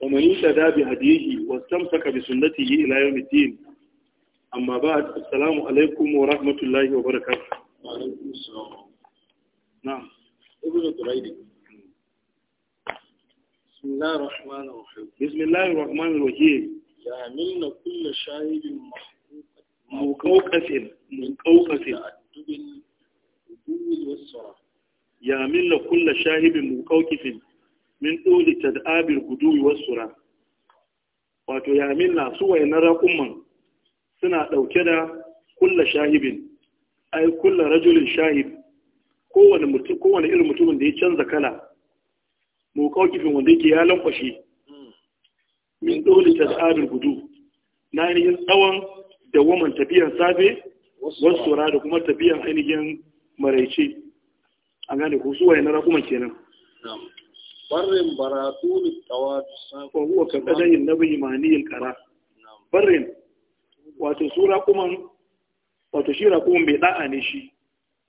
ومن يتدى بهديه واستمسك بسنته إلى يوم الدين أما بعد السلام عليكم ورحمة الله وبركاته نعم ابن دريد بسم الله الرحمن الرحيم بسم الله الرحمن الرحيم يعملنا كل شاهد مقوقف مقوقف مقوقف العدو والصراخ ya milla kulla shahibin muqawqifin min duli tad'abil guduwi wasura wato ya milla su wayannan raƙumman suna ɗauke da kulla shahibin ai kulla rajulin shahib kowane mutum irin mutumin da ya canza kala muqawqifin wanda yake ya lankwashe min duli tad'abil gudu na ainihin tsawon da waman tafiyan safe wasu da kuma tafiyan ainihin maraice A gane ko su wayan raƙuman kenan barrin baratun tawad safa huwa kadai nabi mani alqara barrin wato su raƙuman wato shi raƙuman bai da'a ne shi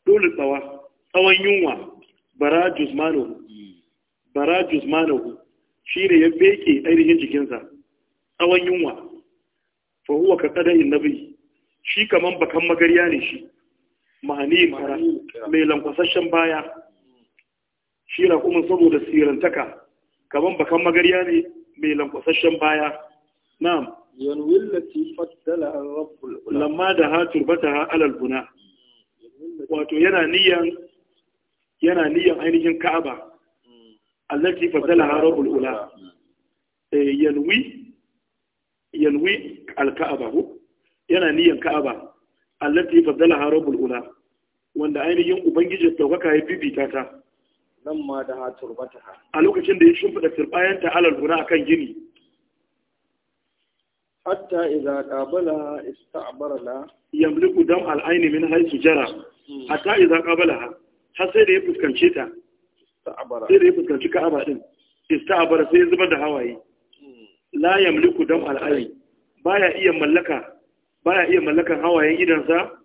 dole tawa, tsawon yunwa bara juzmanahu hmm. bara juzmanahu shi ne ya beke ainihin jikinsa tsawon yunwa fa huwa kadai nabi shi kaman bakan magarya ne shi mara mai lankwasashen baya shi kuma saboda sirantaka kaman bakan magarya ne mai lankwasashen baya na'am yanwi lati faddala rabbul lamma da ha ha alal buna wato yana niyan yana niyan ainihin ka'aba allati ha rabbul ula eh, yanwi yanwi al-ka'aba yana niyan ka'aba allati faddalaha rabbul ula wanda ainihin ubangiji daukaka ya bibita ta nan da ha turbataha a lokacin da ya shimfida turbayan ta alal guna akan gini hatta idza qabala ista'bara la yamliku dam al aini min haythu jara hmm. hatta idza qabalaha har sai da ya fuskance ta sai da ya fuskance ka ka'aba din ista'bara sai ya zubar da hawaye hmm. la yamliku dam al aini baya iya mallaka baya iya mallakan hawayen idansa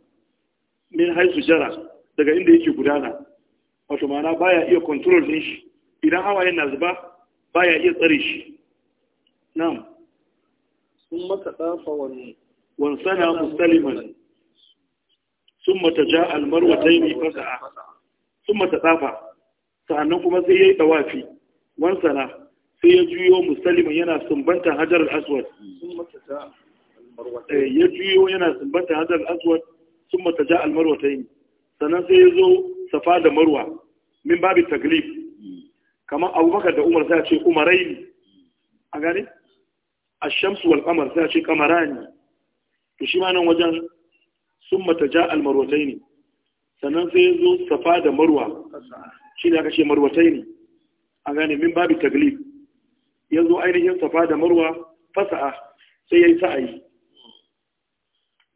min haisu jara daga inda yake gudana wato mana baya iya kontrol din shi idan hawayen na zuba baya iya tsare shi Nan sun mata dafa wani wansana musaliman sun mata ja almarwa ta yi a sun mata dafa sa'annan kuma sai ya yi dawafi wansana sai ya juyo musaliman yana sumbanta hajar al-aswad sun mata Eh, ya juyo yana sumbata hadar aswad sun mata ja almarwata yi sannan sai ya zo safa da marwa min babi taglif kamar abubakar da umar sai ce umarai ne a gane a shamsu wal kamar sai ce kamara ne to shi ma nan wajen sun mata ja almarwatai ne sannan sai ya zo safa da marwa shi ne aka ce marwatai ne a gane min babi taglif ya zo ainihin safa da marwa fasa'a sai ya yi sa'ayi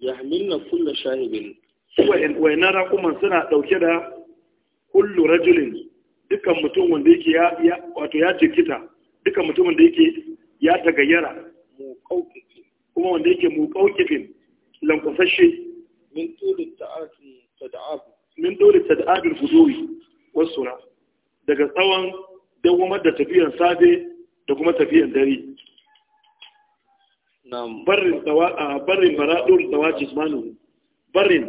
yahmilna kullu shahibin wayannan raƙuman suna ɗauke da kullu rajulin Dukan mutum wanda yake ya wato ya jikita mutum wanda yake ya tagayyara mu kaukifi kuma wanda yake mu lankwasashe min dole ta'adin tad'abu min dole tad'abil daga tsawon dawamar da tafiyan safe da kuma tafiyan dare na'am barin tawa barin baradul tawaji ismanu barin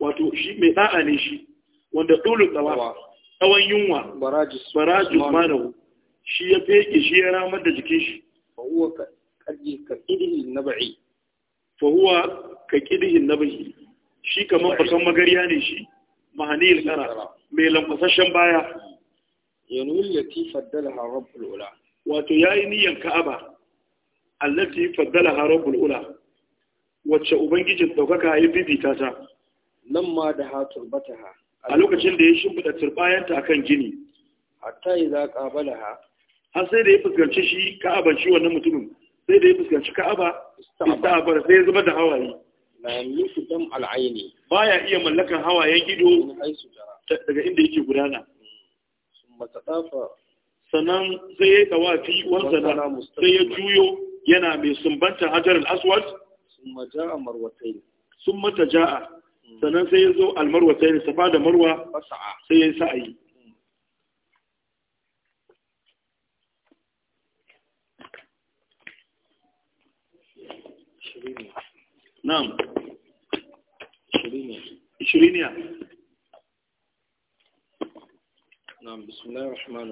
wato shi mai da'a ne shi wanda dulul tawa tsawon yunwa barajus barajus manahu shi ya feke shi ya ramar da jikin shi fa huwa ka kidihin nabai fa huwa ka kidihin nabai shi kamar fasan magariya ne shi mahanil kara mai lankwasashen baya yanul lati faddala rabbul ula wato yayi niyan ka'aba allati faddalaha rabbul ula wacce ubangijin daukaka ya bibita ta nan ma da ha turbataha a lokacin da ya shimfida turbayanta akan gini hatta idza qabalaha har sai da ya fuskanci shi ka'aba shi wannan mutumin sai da ya fuskanci ka'aba istaba sai ya zuba da hawaye la yamliku dam al'aini baya iya mallakan hawayen ido daga inda yake gudana sannan sai ya tawafi wanzana sai ya juyo yana mai sumbantar hajar al-aswad marwata yi. marwatayn summa ja’a, hmm. sannan sai ya zo al yi, safa da marwa sai ya sa'ayi hmm. na'am shiriniya بسم الله الرحمن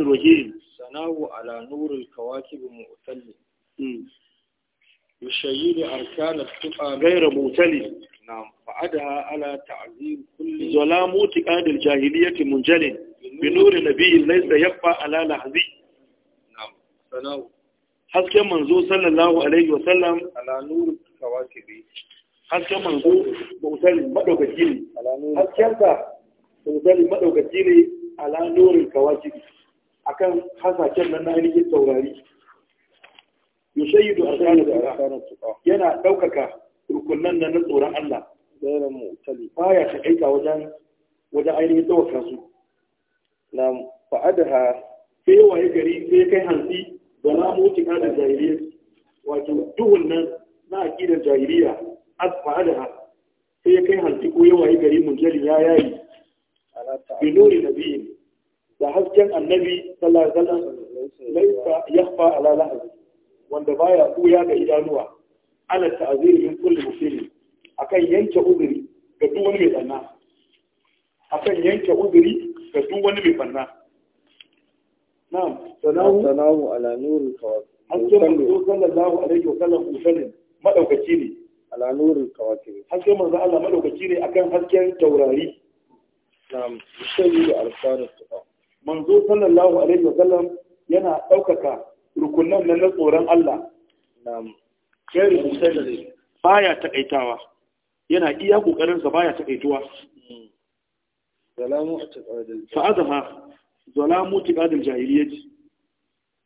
الرحيم بسم على نور الكواكب المؤتل يشيد أركان التقى غير مؤتل نعم بعدها على تعظيم كل ظلام تقاد الجاهلية منجل بنور نبي ليس يقفى على لحظي نعم ثناء hasken manzo sallallahu alaihi wasallam ala nuru kawakibi hasken manzo bautar madaukaki ne hasken ka misali madaukaki ne a ala kawaki a kan hasashen nan na ainihin taurari yushayyidu arkanu da yana daukaka rukunan nan na tsoron Allah zairan ba ya takaita wajen wajen ainihin tsawaka su na fa'adaha sai waye gari sai kai hanzi da cika da jahiliya wato duhun nan na aqidar jahiliya a ha sai kai hansi ko yawaye gari mun munjali ya yayi binuri nabi da hasken annabi sallallahu alaihi wasallam laifa yakhfa ala lahab wanda baya ya ga idanuwa ala ta'zir min kulli muslim akan yanke uzuri ga duk wani mai banna akan yanke uzuri ga duk wani mai banna na'am salamu salamu ala nurul kawakib hasken manzo sallallahu alaihi wasallam usalin madaukaci ne ala nurul kawakib hasken manzo Allah madaukaci ne akan hasken taurari nam yusalli al-farid manzo sallallahu alaihi wa sallam yana daukaka rukunan nan na tsoron Allah nam kai musalli baya takaitawa yana iya kokarin sa baya takaituwa zalamu atqadil fa'adha zalamu atqadil jahiliyyati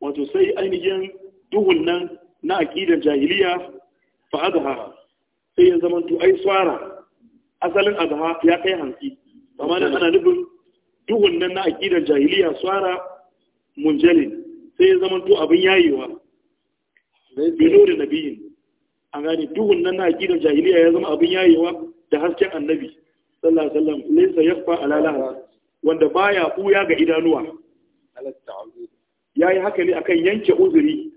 wato sai ainihin duhun nan na aqidar jahiliya fa'adha sai ya to ai tsara asalin azha ya kai hanki amma nan ana nufin duhun nan na aƙidar jahiliya tsara munjalin sai ya zama to abin yayewa bilo da nabiyin an gane duhun nan na aƙidar jahiliya ya zama abin yayewa da hasken annabi sallallahu alaihi wasallam laysa yakfa ala laha wanda baya buya ga idanuwa yayi haka ne akan yanke uzuri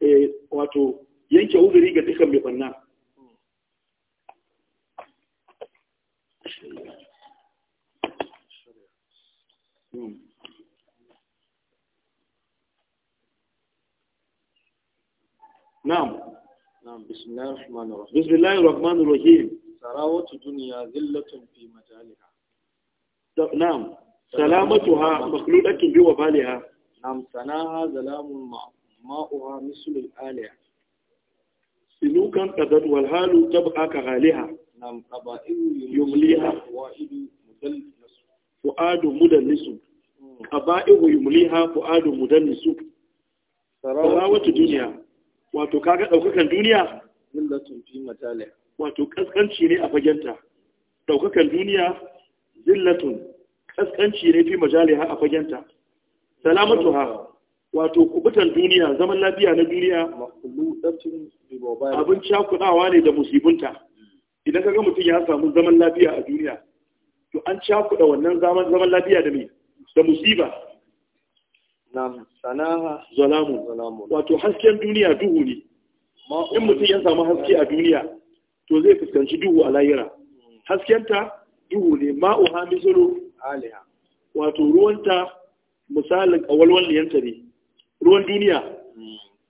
eh wato yanke uzuri ga dukkan mai banna نعم نعم بسم الله الرحمن الرحيم بسم الله الرحمن الرحيم سراوة الدنيا ذلة في مجالها نعم سلامتها مخلوقة بوبالها نعم سناها ظلام ماؤها مثل الآلهة سلوكا قدر والهال تبقى كغالها نعم قبائل يمليها وائد fu'adu mudallisu qaba'ihu yumliha fu'adu mudallisu sarawatu duniya wato kaga ɗaukakan duniya zillatun fi matali wato ƙasƙanci ne a fagenta Ɗaukakan duniya zillatun ƙasƙanci ne fi majaliha a fagenta Salamatu Ha, wato kubutan duniya zaman lafiya na duniya abin cakudawa ne da musibinta idan kaga mutum ya samu zaman lafiya a duniya to an da wannan zaman zaman lafiya da mai da musiba na sanaha zalamu zalamu wato hasken duniya duhu ne in mutum ya samu haske a duniya to zai fuskanci duhu a layira. haskenta duhu ne ma'uha misalu aliha wato ruwanta misalin kawalwan liyanta ne ruwan duniya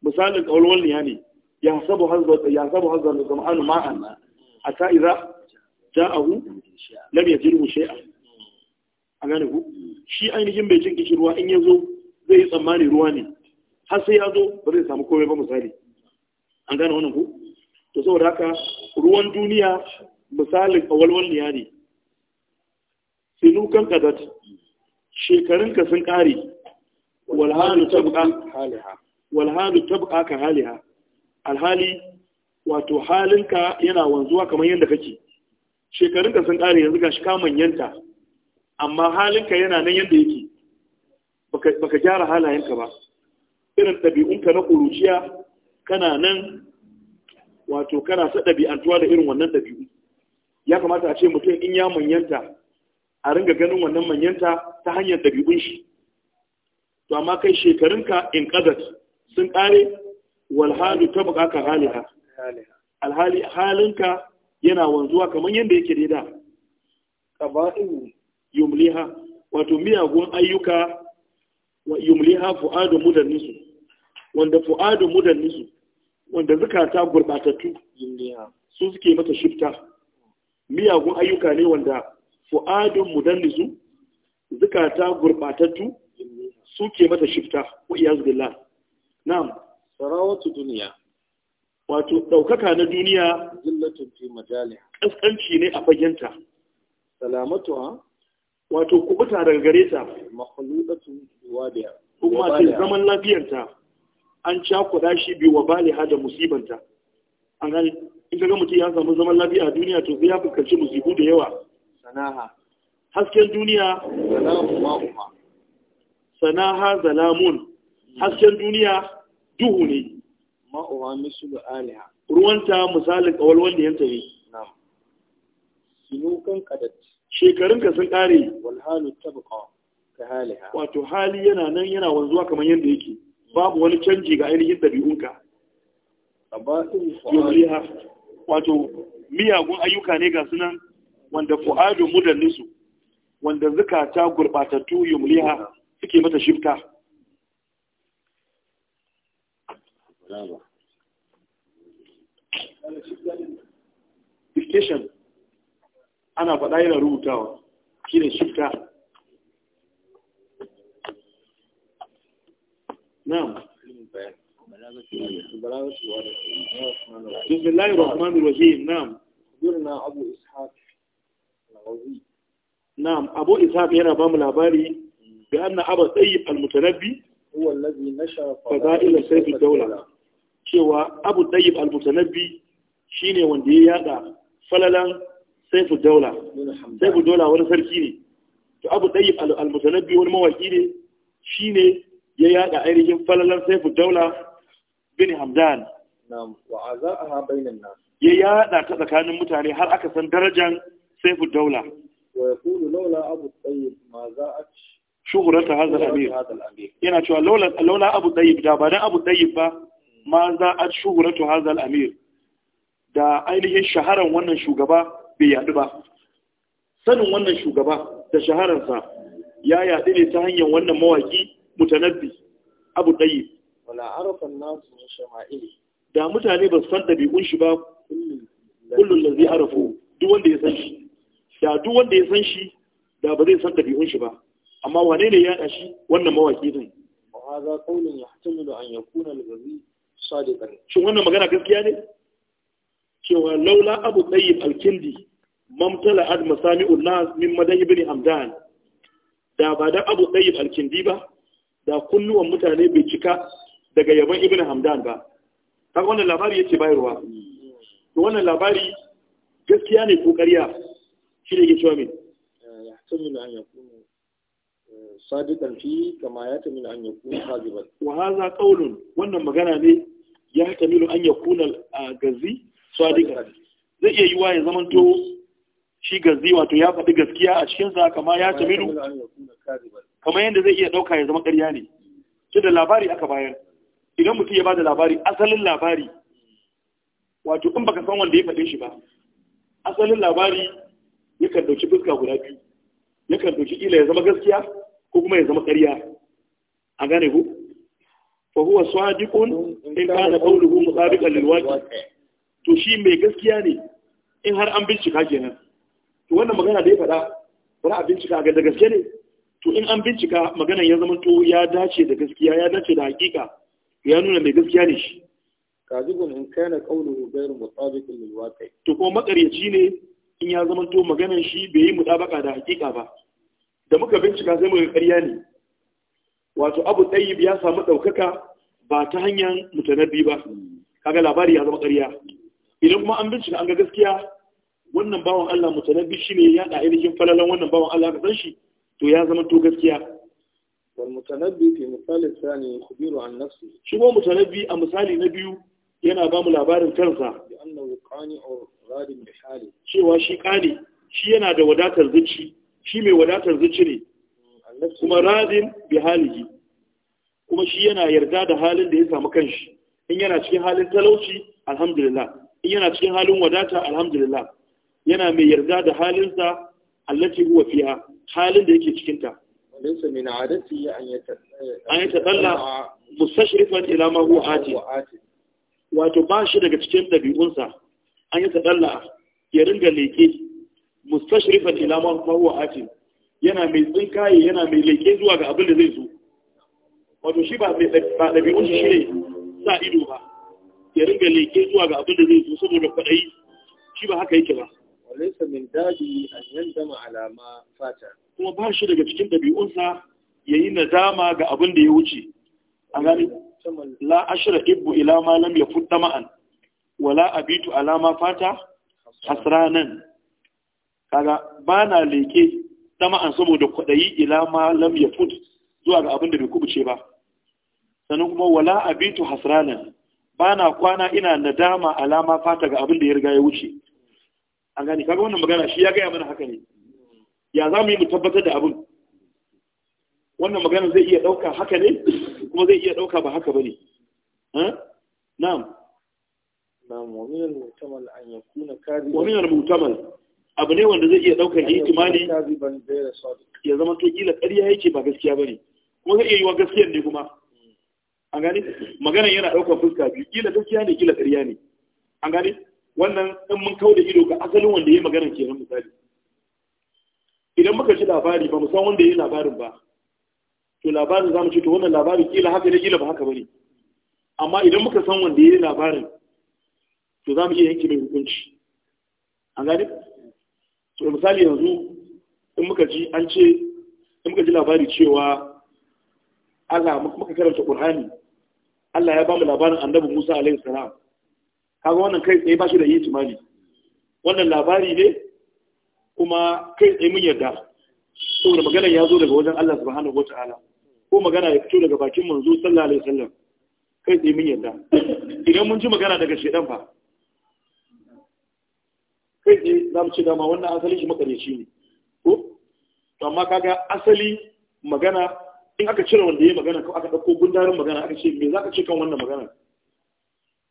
misalin kawalwan liya ne ya sabu hazzar da zama'anu ma'an a ta'iza ja'ahu lam yajirhu shi a gane ku shi ainihin bai jin kishi ruwa in ya zo zai yi tsammani ruwa ne har sai ya zo ba zai samu komai ba misali an gane wannan ku to saboda haka ruwan duniya misalin awalwalniya ne sinukan kadat shekarunka sun kare walhalu tabqa ka haliha alhali wato halinka yana wanzuwa kamar yadda kake shekarunka sun ƙare yanzu shi ka manyanta amma halinka yana nan yadda yake baka gyara halayenka ba irin ɗabi'unka na ƙuruciya kana nan wato kana ta ɗabi'antuwa da irin wannan ɗabi'u ya kamata a ce mutum in ya manyanta a ringa ganin wannan manyanta ta hanyar ɗabi'un shi to amma kai shekarunka in ƙazat sun ƙare walhalu ta buƙaƙa haliha halinka yana wanzuwa kamar yadda yake da qaba'in yumliha wato miyagun ayyuka wa yumliha fu'adu mudannisu wanda fu'adu mudannisu wanda zukata gurbatattu su suke mata shifta miyagun ayyuka ne wanda fu'adun mudannisu zukata gurbatattu suke mata shifta wa iyazu billah na'am sarawatu duniya wato ɗaukaka na duniya zillatun fi majali kaskanci ne a fagenta salamatu ha wato kubuta daga gare ta makhluqatun wadiya kuma ta zaman lafiyarta an da shi bi wa baliha da musibanta an gani in ga mutum ya samu zaman lafiya a duniya to sai ya fuskanci musibu da yawa sanaha hasken duniya sanaha zalamun hasken duniya duhu ne misu da aliha ruwanta misalin kawal wanda yanta ne na'am sinukan kadat shekarun ka sun kare wal halu tabqa ka haliha wato hali yana nan yana wanzuwa kamar yadda yake babu wani canji ga ainihin dabi'unka abatin fa'aliha wato miyagun ayyuka ne ga sunan wanda fu'adu mudannisu wanda zakata gurbatattu yumliha suke mata shifta ba. ana faɗa yana rubutawa shi ne shifta. Nam. Bismillahirrahmanirrahim. Bismillahirrahmanirrahim. Nam. Birna Abu Ishaq. Nam. Abu Ishaq yana ba mu labari da an na abu tsayi almutanabbi. Uwallazi na shafa. Faza ila sarfi daular. cewa abu ɗayyib al-mutanabbi shine wanda ya yada falalan saifu daula saifu daula wani sarki ne to abu ɗayyib al-mutanabbi wani mawaki ne shine ya yada ainihin falalan saifu daula bin hamdan ya yada ta tsakanin mutane har aka san darajan saifu daula ويقول لولا أبو الطيب ما زاءت شهرة هذا الأمير yana cewa laula abu dayib da ba dan abu dayib ba ma za a shuhuratu hazal amir da ainihin shaharan wannan shugaba bai yadu ba sanin wannan shugaba da shahararsa ya yadu ne ta hanyar wannan mawaki mutanabbi abu ɗayi wala arafan nasu min shama'ili da mutane ba su san ɗabi'un shi ba kullum da zai arafu duk wanda ya san shi da duk wanda ya san shi da ba zai san ɗabi'un shi ba amma wane ne ya yaɗa wannan mawaki din wa hadha qawlun yahtamilu an yakuna al-ghazi sadiqan shin wannan magana gaskiya ne cewa laula abu tayyib al-kindi mamtala ad masami'un nas min madan ibn hamdan da ba da abu tayyib al-kindi ba da kunnuwan mutane bai cika daga yaban ibn hamdan ba kaga wannan labari yace bayarwa to wannan labari gaskiya ne ko ƙarya shi ne ke cewa eh, min yahtamil an yakunu eh, sadiqan fi kama yahtamil an yakunu kadiban wa hadha qawlun wannan magana ne ya hatamilu an yakuna gazi gazi zai iya yiwa ya zamanto shi gazi wato ya faɗi gaskiya a cikin sa kama ya tamilu kamar yadda zai iya ɗauka ya zama ƙarya ne ce da labari aka bayar idan mutum ya bada labari asalin labari wato in baka san wanda ya faɗe shi ba asalin labari ya kan ɗauki fuska guda biyu ya kan ɗauki ila ya zama gaskiya ko kuma ya zama ƙarya a gane ku فهو صادق sadiqun in قوله مطابقا للواقع lil waqi to shi mai gaskiya ne in har an bincika kenan to wannan magana da ya faɗa wani a bincika ga da gaske ne to in an bincika maganar ya zama to ya dace da gaskiya ya dace da hakika ya nuna mai gaskiya ne shi kazibun in kana qawluhu ghayru mutabiqin lil waqi to kuma makaryaci ne in ya zama to maganar shi bai yi mutabaka da hakika ba da muka bincika sai mu ga ƙarya ne wato abu ɗayyib ya samu ɗaukaka ba ta hanyar mutanabbi ba kaga labari ya zama ƙarya idan kuma an bincika an ga gaskiya wannan bawan Allah mutanabbi ne ya da ainihin falalan wannan bawan Allah ka san shi to ya zama to gaskiya wal mutanabbi fi misali thani khabiru an nafsi shi ko mutanabbi a misali na biyu yana ba mu labarin kansa bi annahu qani'u radin bi hali cewa shi qani shi yana da wadatar zuci shi mai wadatar zuci ne kuma radin bi halihi kuma shi yana yarda da halin da ya samu kanshi in yana cikin halin talauci alhamdulillah in yana cikin halin wadata alhamdulillah yana mai yarda da halinsa allati huwa fiha halin da yake cikin ta laysa min adati an yatadalla mustashrifan ila ma huwa ati wato ba shi daga cikin dabi'unsa an yatadalla ya ringa leke mustashrifan ila ma huwa ati yana mai tsinkaye yana mai leke zuwa ga abin da zai zo wato shi ba ɗabi'un shi ne sa ido ba ya ringa leke zuwa ga abin da zai zo saboda kwaɗayi shi ba haka yake ba walaisa min dadi an zama alama fata kuma ba shi daga cikin ɗabi'unsa ya yi nadama ga abin da ya wuce a gani la ashira ibbu ila ma lam yafut ma'an. wala abitu alama fata hasranan kaga ba na leke sama'an saboda kwaɗayi ila ma lam ya fud zuwa ga abin da bai kubuce ba sannan kuma wala abitu hasranan ba na kwana ina nadama alama fata ga abin da ya riga ya wuce an gani kaga wannan magana shi ya gaya mana haka ne ya za mu yi mu tabbatar da abin wannan magana zai iya ɗauka haka ne kuma zai iya ɗauka ba haka ba ne eh? na'am na'am wa min al-mu'tamal an yakuna kadhiban wa min al-mu'tamal abu ne wanda zai iya daukar ihtimali ya zama to kila ƙarya yake ba gaskiya bane kuma zai iya yiwa gaskiyar ne kuma an gani, magana yana daukar fuska biyu kila gaskiya ne kila ƙarya ne an gani. wannan in mun kau da ido ga asalin wanda ya magana nan misali idan muka ci labari ba mu san wanda ya labarin ba to labarin za mu ce to wannan labarin kila haka ne kila ba haka bane amma idan muka san wanda ya labarin to za mu iya yanke mai hukunci an gani. so misali yanzu in muka ji an ce in muka ji labari cewa Allah muka karanta Qur'ani Allah ya ba mu labarin Annabi Musa alaihi salam kaga wannan kai tsaye ba shi da yitimani wannan labari ne kuma kai tsaye mun yarda saboda magana ya zo daga wajen Allah subhanahu wataala ko magana ya fito daga bakin manzo sallallahu alaihi wasallam kai tsaye mun yarda idan mun ji magana daga shedan fa kai ce za mu ce dama wannan asali shi makareci ne ko to amma kaga asali magana in aka cire wanda ya magana ko aka dauko gundarin magana aka ce me za ka ce kan wannan magana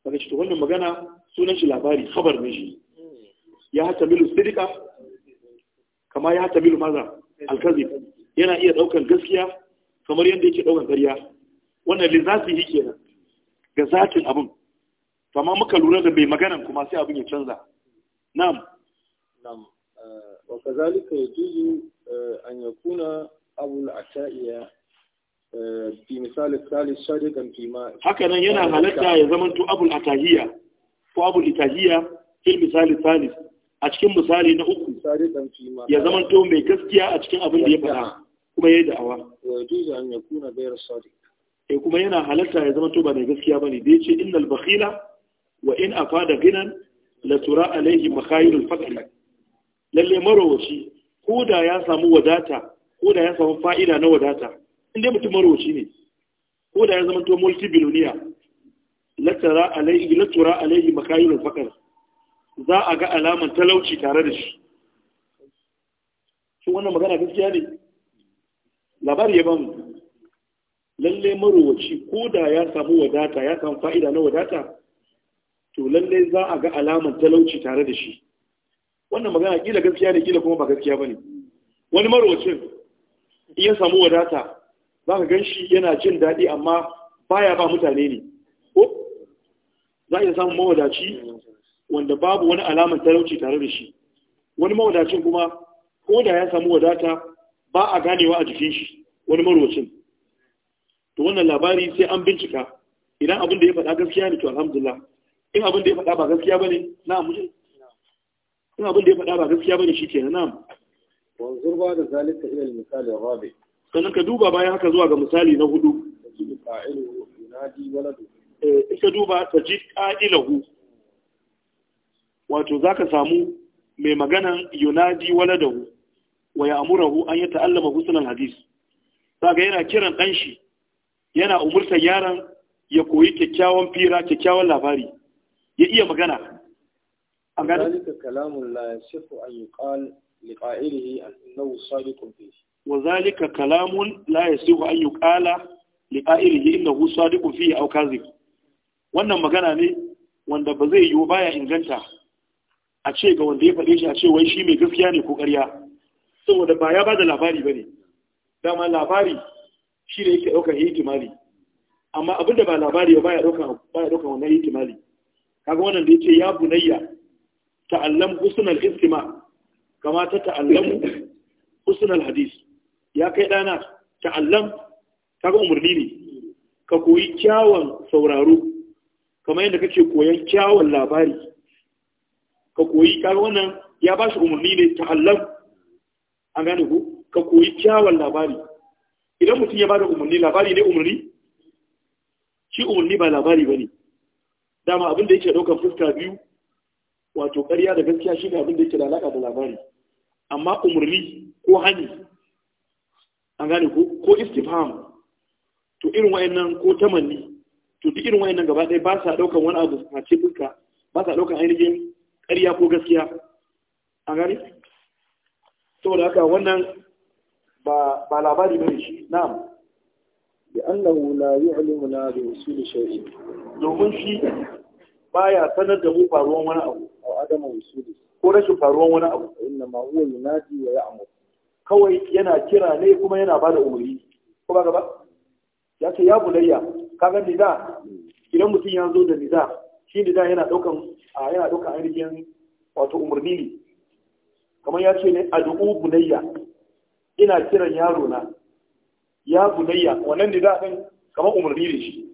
kaga shi to wannan magana sunan shi labari khabar ne shi ya hata milu sidika kama ya hata milu maza alkazib yana iya ɗaukan gaskiya kamar yadda yake daukan ƙarya wannan lizafihi kenan ga zatin abin amma muka lura da bai magana kuma sai abin ya canza na'am na'am eh, wa kazalika yajuzu eh, an yakuna abul ashaiya eh, fi misali salis sadiqan fi ma haka nan yana halatta ya zamanto abul atahiya ko abul itahiya fil misali salis a cikin misali na uku ya zamanto mai gaskiya a cikin abin da ya faɗa kuma ya yi da'awa E kuma yana halatta ya zamanto ba mai gaskiya ba ne da ya ce innal bakhila wa in afada ginan la tura alaihi makhayirul faqr lalle marowaci ko da ya samu wadata ko da ya samu fa'ida na wadata inda mutum marowaci ne ko da ya zama to multi biloniya la alaihi la tura alaihi makhayirul faqr za a ga alaman talauci tare da shi shi wannan magana gaskiya ne labari ya bamu lalle marowaci ko da ya samu wadata ya samu fa'ida na wadata to lallai za a ga alamar talauci tare da shi wannan magana kila gaskiya ne kila kuma ba gaskiya ba ne wani marocin ya samu wadata za ka gan shi yana jin daɗi amma baya ba mutane ne ko za a iya samun mawadaci wanda babu wani alamar talauci tare da shi wani mawadacin kuma ko da ya samu wadata ba a ganewa a jikin shi wani marocin to wannan labari sai an bincika idan abin da ya faɗa gaskiya ne to alhamdulillah in abin da ya faɗa ba gaskiya bane na'am muje in abin da ya faɗa ba gaskiya bane shikenan na'am wanzur ba da zalika rabi sannan ka duba bayan haka zuwa ga misali na hudu qa'iluhu yunadi waladu eh ka duba tajid qa'ilahu wato ka samu mai maganan yunadi waladahu wa ya'muruhu an yi ta'allama husnal hadis ga yana kiran ɗanshi, yana umurta yaran ya koyi kyakkyawan fira kyakkyawan labari ya iya magana A gani? zalika kalamun la yasifu an yuqal li qa'ilihi nau sadiqun fi wa zalika kalamun la yasifu an yuqala li qa'ilihi innahu sadiqun fi a kadhib wannan magana ne wanda ba zai yi wa baya inganta a ce ga wanda ya faɗe shi a ce wai shi mai gaskiya ne ko ƙarya saboda ba ya ba da labari ba ne dama labari shi ne yake ɗaukar hikimali amma abin da ba labari ba ya ɗaukar wannan hikimali kaga wannan da yace ya bunayya ta'allam husnal istima kama ta ta'allamu husnal hadis ya kai dana ta'allam kaga umurni ne ka koyi kyawun sauraro kamar yadda kake koyan kyawun labari ka koyi kaga wannan ya bashi umurni ne ta'allam an gane ku ka koyi kyawun labari idan mutum ya bada umurni labari ne umurni shi umurni ba labari bane dama abin da yake daukar fuska biyu wato ƙarya da gaskiya shi ne abin da yake da alaƙa da labari amma umarni ko hani an gane ko ko istifham to irin wayannan ko tamanni to duk irin wayannan gaba ɗaya ba sa daukar wani abu a ce fuska ba sa daukar ainihin ƙarya ko gaskiya an gane saboda haka wannan ba labari bane shi na'am لأنه لا يعلمنا بوصول شيء domin shi baya sanar da mu faruwan wani abu a adama wusuli ko rashin faruwan wani abu inna ma huwa yunadi wa ya'mur kawai yana kira ne kuma yana bada umarni ko ba gaba ya ce ya bulayya kaga nida idan mutum ya zo da nida shi nida yana yana daukan ainihin wato umarni ne kamar ya ce ne ad'u bulayya ina kiran yaro na ya bunayya wannan da za a kan kamar umarni da shi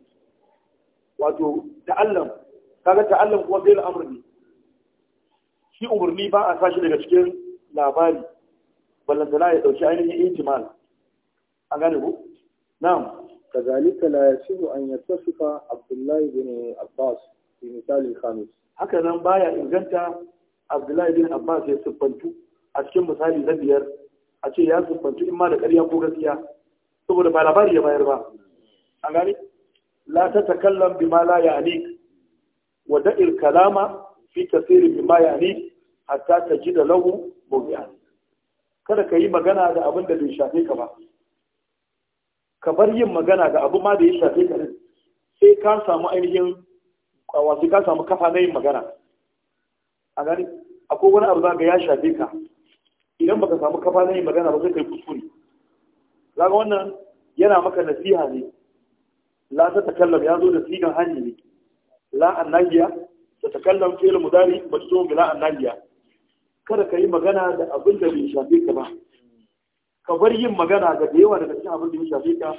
wato ta'allam kaga ta'allam kuma zai al'amur shi umarni ba a sashi daga cikin labari ballantana ya ɗauki ainihin intimal A gane ku na'am kazalika la yasihu an yattasifa abdullahi bin abbas fi misali khamis haka nan baya inganta abdullahi bin abbas ya siffantu a cikin misali na biyar a ce ya siffantu in ma da ƙarya ko gaskiya saboda ba labari ya bayar ba an gani la ta takallam ma la ya'ni wa da'il kalama fi bi ma ya'ni hatta tajida lahu mawdi'an kada ka yi magana da abin da bai shafe ka ba ka bar yin magana da abu ma da ya shafe ka din. sai ka samu ainihin wasu ka samu kafa na yin magana a gani akwai wani abu za ga ya shafe ka idan baka samu kafa na yin magana ba sai kai kuskure Laga wannan yana maka nasiha ne la ta takallam ya zo da sigan hanyi ne la annahiya ta takallam fi'il mudari majzum bi la annahiya kada ka yi magana da abin da bai shafe ka ba ka bar yin magana ga da yawa daga cikin abin da ya shafe ka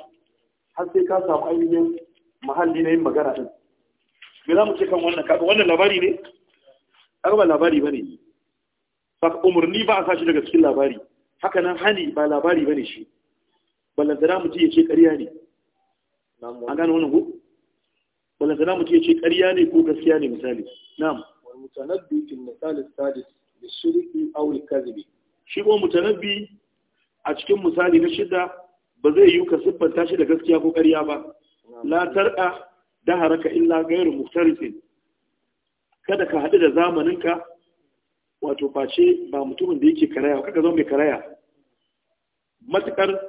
har sai ka samu ainihin muhalli na yin magana din me za mu ce kan wannan kaga wannan labari ne kaga ba labari bane saka umarni ba a sashi daga cikin labari haka nan hani ba labari bane shi ballantana mutum ya ce ƙarya ne ko mutum ya ce ƙarya ne ko gaskiya ne misali na'am mutanabbi fil misali sadis da shirki auri kazibi shi ko mutanabbi a cikin misali na shida ba zai yi ka siffanta shi da gaskiya ko ƙarya ba la tar'a haraka illa gairu muftarisin kada ka haɗu da zamaninka wato face ba mutumin da yake karaya kaka zo mai karaya matukar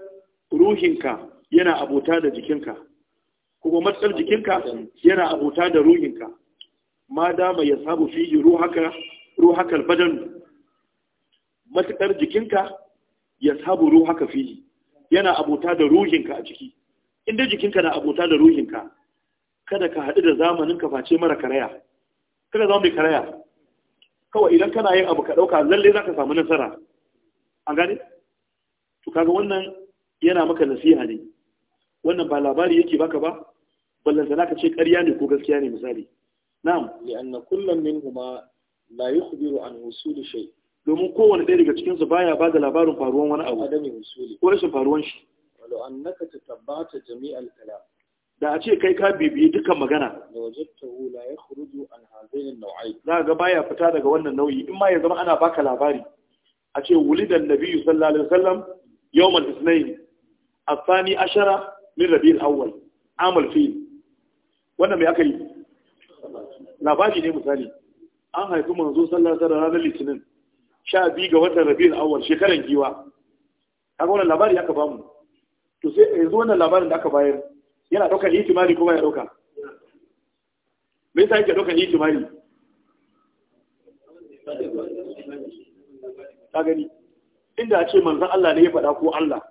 ruhinka yana abota da jikinka kuma matsar jikinka yana abota da ruhinka ma dama ya sabu fiye ruhaka ruhakal badan matsar jikinka ya sabu ruhaka fiye yana abota da ruhinka a ciki inda jikinka na abota da ruhinka kada ka haɗu da zamanin ka face mara karaya kada zama mai karaya kawai idan kana yin abu ka ɗauka lalle za ka samu nasara an gane to kaga wannan yana maka nasiha ne wannan ba labari yake baka ba ballan da naka ce ƙarya ne ko gaskiya ne misali na'am li'anna kullum minhuma la yukhbiru an wusuli shay domin kowanne ɗaya daga cikin su baya ba da labarin faruwan wani abu adami wusuli ko rashin faruwan shi walau annaka tatabbata jami'al kalam da a ce kai ka bibiye dukkan magana da hu la yakhruju an hadhain an-naw'ayn za ga baya fita daga wannan nau'i in ma ya zama ana baka labari a ce wulidan nabiyyu sallallahu alaihi wasallam yawmal ithnain الثاني عشر من ربيع الأول عام الفيل wannan mai aka yi labari ne misali an haifi manzo sallar tara ranar litinin sha biyu ga watan rabi'ul awwal shekaran giwa kaga wannan labari aka bamu yanzu wannan labarin da aka bayar yana ɗaukar ihtimali kuma ya ɗauka me Ta gani inda a ce manzon Allah ne ya faɗa ko Allah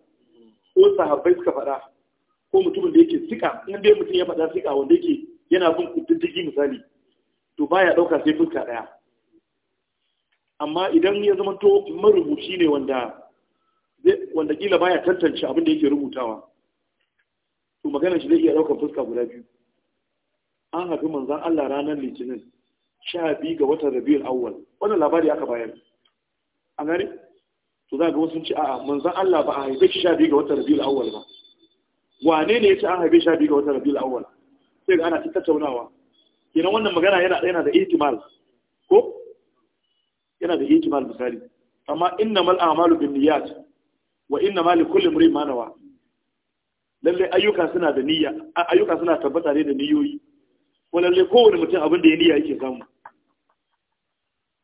ko sahabbai suka faɗa ko mutumin da yake sika in dai mutum ya faɗa sika wanda yake yana bin kududdigi misali to ba ya ɗauka sai fuska ɗaya amma idan ya zama to marubuci ne wanda wanda kila baya tantance abin da yake rubutawa to maganar shi zai iya ɗaukar fuska guda biyu an haifi manzan Allah ranar litinin sha biyu ga watan rabiul awwal wannan labari aka bayar a gare to za ga wasu ci a'a manzon Allah ba a haife shi sha biyu ga watan Rabiul Awwal ba wane ne yace an haife sha biyu ga watan Rabiul Awwal sai ga ana ta tattaunawa kenan wannan magana yana yana da ihtimal ko yana da ihtimal misali amma innamal a'malu binniyat wa innamal likulli imrin ma nawa lalle ayyuka suna da niyya ayyuka suna tabbata ne da niyoyi ko lalle kowane mutum abin da ya niyya yake samu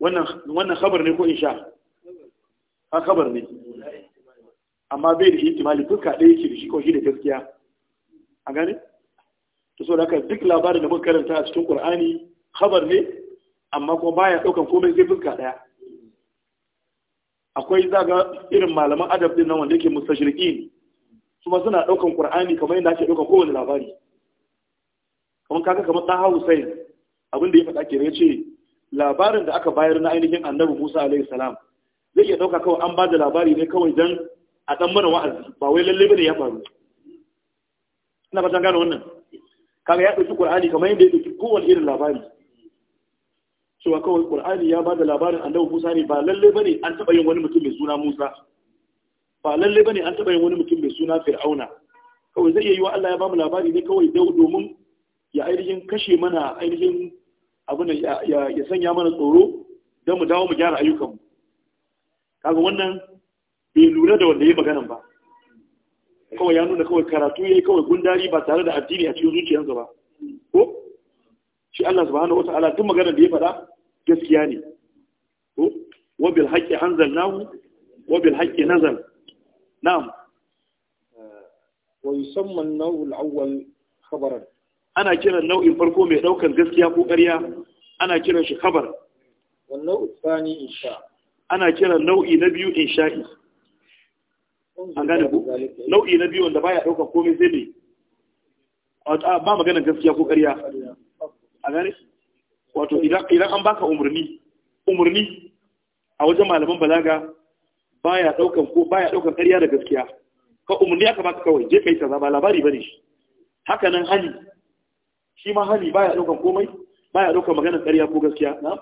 wannan wannan khabar ne ko insha an kabar ne amma bai da ihtimali fuska ɗaya yake da shi kawai da gaskiya a gane to saboda haka duk labarin da muka karanta a cikin Qur'ani khabar ne amma kuma baya daukan komai sai fuska ɗaya akwai zaga irin malaman adab din nan wanda yake mustashriqin kuma suna daukan Qur'ani kamar yadda ake daukan kowane labari kamar kaga kamar Taha Hussein abin da ya faɗa ke ya ce labarin da aka bayar na ainihin Annabi Musa alaihi salam zai iya ɗauka kawai an ba da labari ne kawai don a ɗan mana wa'azi ba wai lalle bane ya faru ina fatan gane wannan kaga ya ɗauki qur'ani kamar yadda ya ɗauki kowane irin labari cewa kawai qur'ani ya ba da labarin annabi musa ne ba lalle bane an taɓa yin wani mutum mai suna musa ba lalle bane an taɓa yin wani mutum mai suna fir'auna kawai zai iya yi wa Allah ya ba mu labari ne kawai domin ya ainihin kashe mana ainihin abin ya sanya mana tsoro don mu dawo mu gyara ayyukanmu kaga wannan bai lura da wanda ya maganan ba kawai ya nuna kawai karatu ya yi kawai gundari ba tare da addini a cikin zuciyarsa ba ko shi Allah subhanahu wata'ala duk maganar da ya faɗa gaskiya ne ko wa bil haqqi anzalnahu wa bil haqqi nazal na'am wa yusamma an-naw'u al-awwal khabaran ana kiran nau'in farko mai daukar gaskiya ko ƙarya ana kiran shi khabar wa nau'u thani insha ana kira nau'i na biyu in sha'i. an gane ku nau'i na biyu wanda baya ɗaukar komai sai ne ba maganar gaskiya ko ƙarya a gane wato idan an baka umarni umarni a wajen malaman balaga baya ɗaukar ko baya ɗaukar ƙarya da gaskiya ka umarni aka baka kawai je kai kaza ba labari bane shi haka nan hali shi ma hali baya ɗaukar komai baya ɗaukar maganar ƙarya ko gaskiya na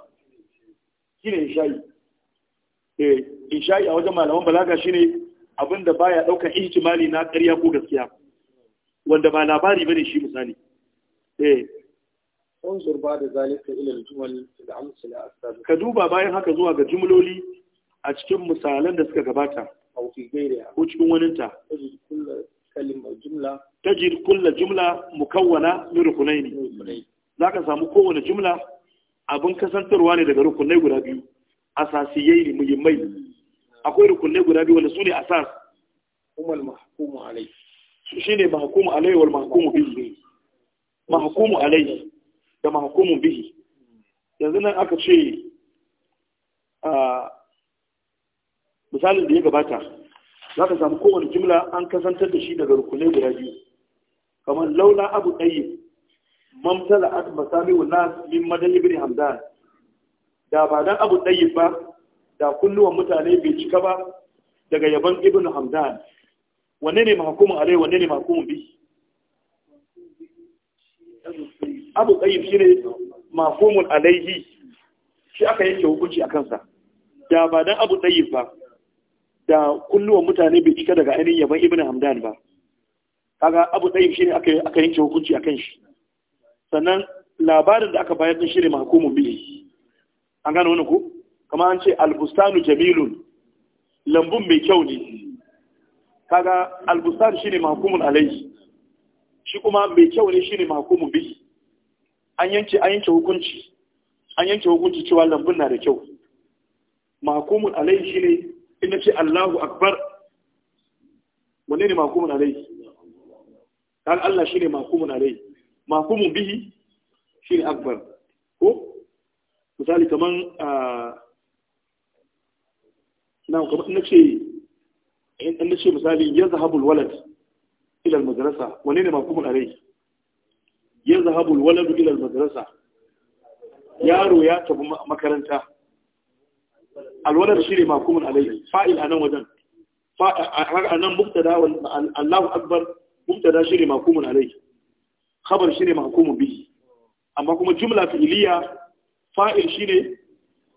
shine shayi Eh, In sha'i a wajen malaman balaga shine abinda baya ɗaukar mali na ƙarya ko gaskiya wanda ba labari ba ne shi misali eh. Ka duba bayan haka zuwa ga jumloli a cikin misalan da suka gabata ko cikin waninta ta kullu kulla jumla mu kawwana jumla rukunai ne, za zaka samu kowane jumla abin kasantarwa ne daga rukunai guda biyu asasiyai ne muhimmai akwai rukunne guda biyu wanda su ne asas umar mahakumu alai su ne mahakumu alai wal mahakumu bihi mahakumu alai da mahakumu bihi yanzu nan aka ce a misalin da ya gabata za ka samu kowane jimla an kasantar da shi daga rukunne guda biyu kamar laula abu ɗayin mamtala at masami wa nas min madalibin hamdan da ba dan abu dayyib ba da kulluwan mutane bai cika ba daga yaban ibn hamdan wanne ne mahkumun alai wanne ne mahkumun bi abu dayyib shine mahkumun alaihi shi aka yanke hukunci a kansa da ba dan abu dayyib ba da kulluwan mutane bai cika daga ainihin yaban ibn hamdan ba kaga abu dayyib shine aka aka yanke hukunci a kan shi sannan labarin da aka bayar din ne mahkumun bihi an gano wani ku kamar an ce albustanu jamilun lambun mai kyau ne kaga albustan shine mahkumun alai shi kuma mai kyau ne shine mahkumun bihi an yanke an yanke hukunci an yanke hukunci cewa lambun na da kyau mahkumun alai shine in ce Allahu akbar wanne ne mahkumun alai kaga Allah shine mahkumun alai mahkumun bihi shine akbar ko misali kaman na kamar ina ce in ce misali ya zahabul walad ilal madrasa wane ne makumun alai ya zahabul walad ilal madrasa yaro ya tafi makaranta alwalar shi ne makumin alai fa'il a nan wajen a nan muktada allahu akbar muktada shi ne makumin alai khabar shi ne makumin bi, amma kuma jumla fi'iliya fa'il shine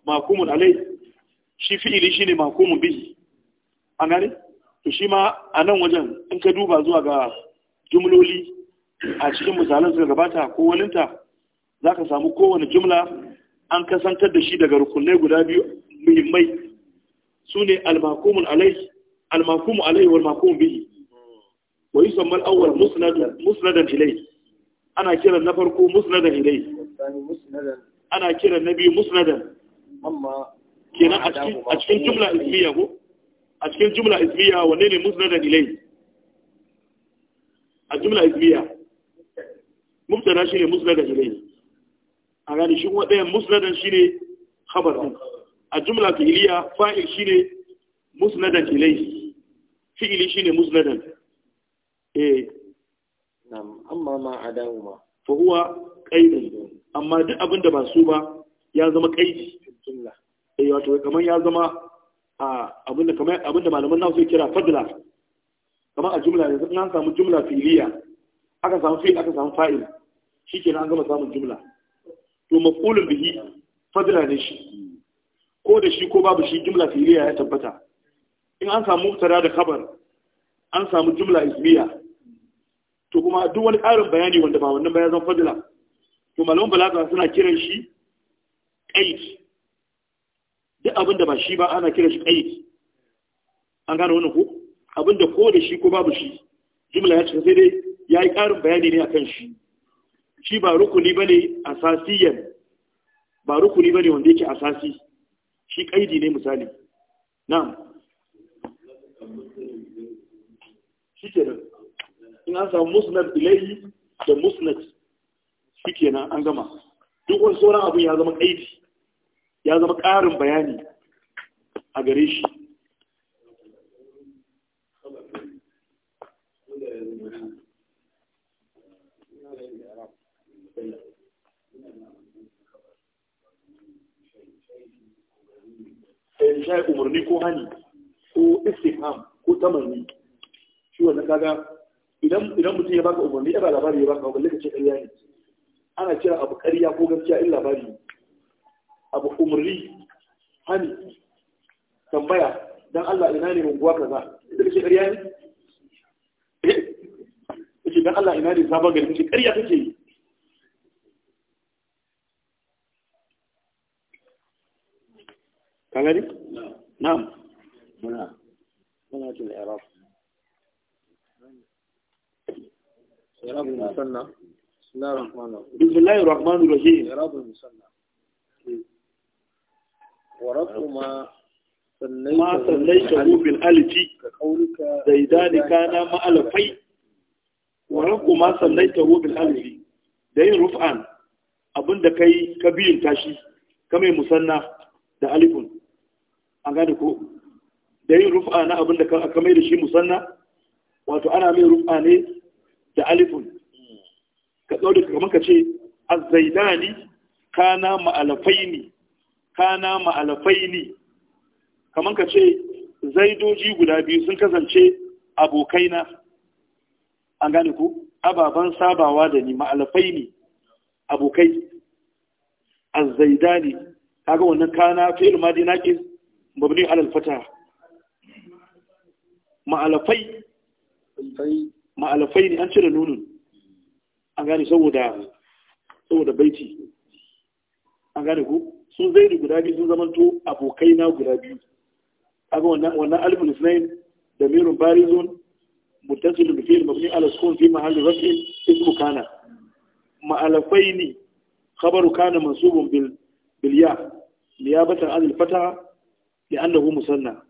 makumun alai shi fi'ili shine makumun bihi an gane to shi ma a nan wajen in ka duba zuwa ga jumloli a cikin misalin suka gabata ko walinta za ka samu kowane jumla an kasantar da shi daga rukunai guda biyu muhimmai su ne almakumun alai almakumun alai wal makumun bihi wa yusammal awwal musnadan musnadan ilai ana kiran na farko musnadan ilai ana kiran na biyu musnadan kenan a cikin jumla ismiya ko a cikin jumla ismiya wanne ne musnadan ilai a jumla ismiya mubtada shine musnadan ilai a gani shi kuma ɗayan musnadan shine khabar din a jumla fi'iliya fa'il shine musnadan ilai shi shine musnadan eh nam amma ma adawuma fa huwa qaidun amma duk abin da ba su ba ya zama kaidi eh wato kamar ya zama abin da malaman nasu suke kira fadla kamar a jumla ne in samu jumla filiya aka samu fil aka samu fa'il ke an gama samun jumla to makulun bihi fadla ne shi ko da shi ko babu shi jumla filiya ya tabbata in an samu tara da kabar an samu jumla ismiya to kuma duk wani ƙarin bayani wanda ba wannan ba ya zama fadla to malon balaga suna kiran shi aiki duk abin da ba shi ba ana kiran shi aiki an gano wannan ko abin da ko da shi ko babu shi jimla ya ce sai dai ya yi ƙarin bayani ne akan shi shi ba rukuni ba ne asasiyan ba rukuni ba ne wanda yake asasi shi ƙaidi ne misali na'am shi ke in an samu musnad ilayhi da musnad shi nan an gama duk wani sauran abin ya zama aiki, ya zama ƙarin bayani a gare shi shayi umarni ko hani ko istifham ko tamanni shi wannan kaga idan mutum ya baka umarni ya ba labari ya baka umarni ka ce ƙarya ne ana kira abu ƙarya ko gaskiya in labari abu umarni hani tambaya don Allah ina ne unguwa kaza Ita kake ƙarya ne eh? kake don Allah ina ne sabon gari kake ƙarya kake yi ka gani na'am muna muna cin arab arab musanna bismillahir rahmanir rahim ما بالالف زيدان كان مع الفي بالالف دين abinda kai ka biyun tashi ka musanna da alifun an gane ko da yin rufa na abinda ka mai da shi musanna wato ana mai rufa ne da alifun kamar ka ce azzaidani kana ma'alafaini kana ma'alafaini kamar ka ce zaidoji guda biyu sun kasance abokaina an gane ku ababen sabawa da ni ma'alafaini abokai azzaidani kaga wannan kana fi'il ma dina ki ala alal fata ma'alafai ma'alafai ne an cire nunin. an gane saboda saboda baiti an gane ku sun zai da guda biyu sun zamanto abokai na guda biyu aga wannan wannan alifin isnain da mirun barizon muttasil bi fi'l mabni ala sukun fi mahalli raf'in ismu kana ma'alafaini khabaru kana mansubun bil bil ya niyabatan an al fata li'annahu musanna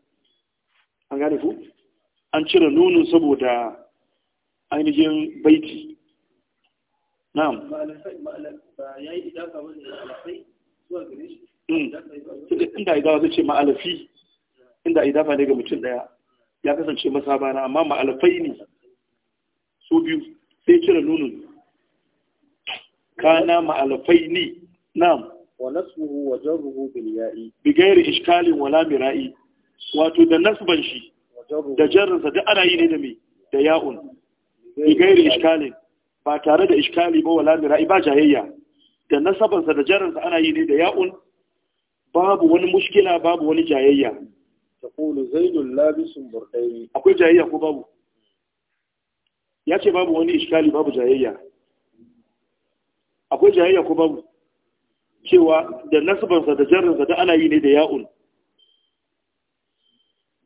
an gane ku an cire nunin saboda ainihin baiti na'am yayi idaka bane alafai zuwa gare shi inda idafa zai ce ma'alafi inda idafa ne ga mutum daya ya kasance masa bana amma ma'alafai ne su biyu sai cire nunun kana ma'alafai ne na'am wa nasbuhu wa jarruhu bil ya'i bi ghairi ishkalin wala mira'i wato da nasban shi da jarrinsa duk ana yi ne da me da ya'un bi ghairi ishkalin ba tare da iskali ba wala mira'i ba jayayya da nasabansa da jaransa ana yi ne da ya'un babu wani mushkila babu wani jayayya taqulu zaidul labisun burdaini akwai jayayya ko babu ya ce babu wani iskali babu jayayya akwai jayayya ko babu cewa da nasabansa da jaransa da ana yi ne da ya'un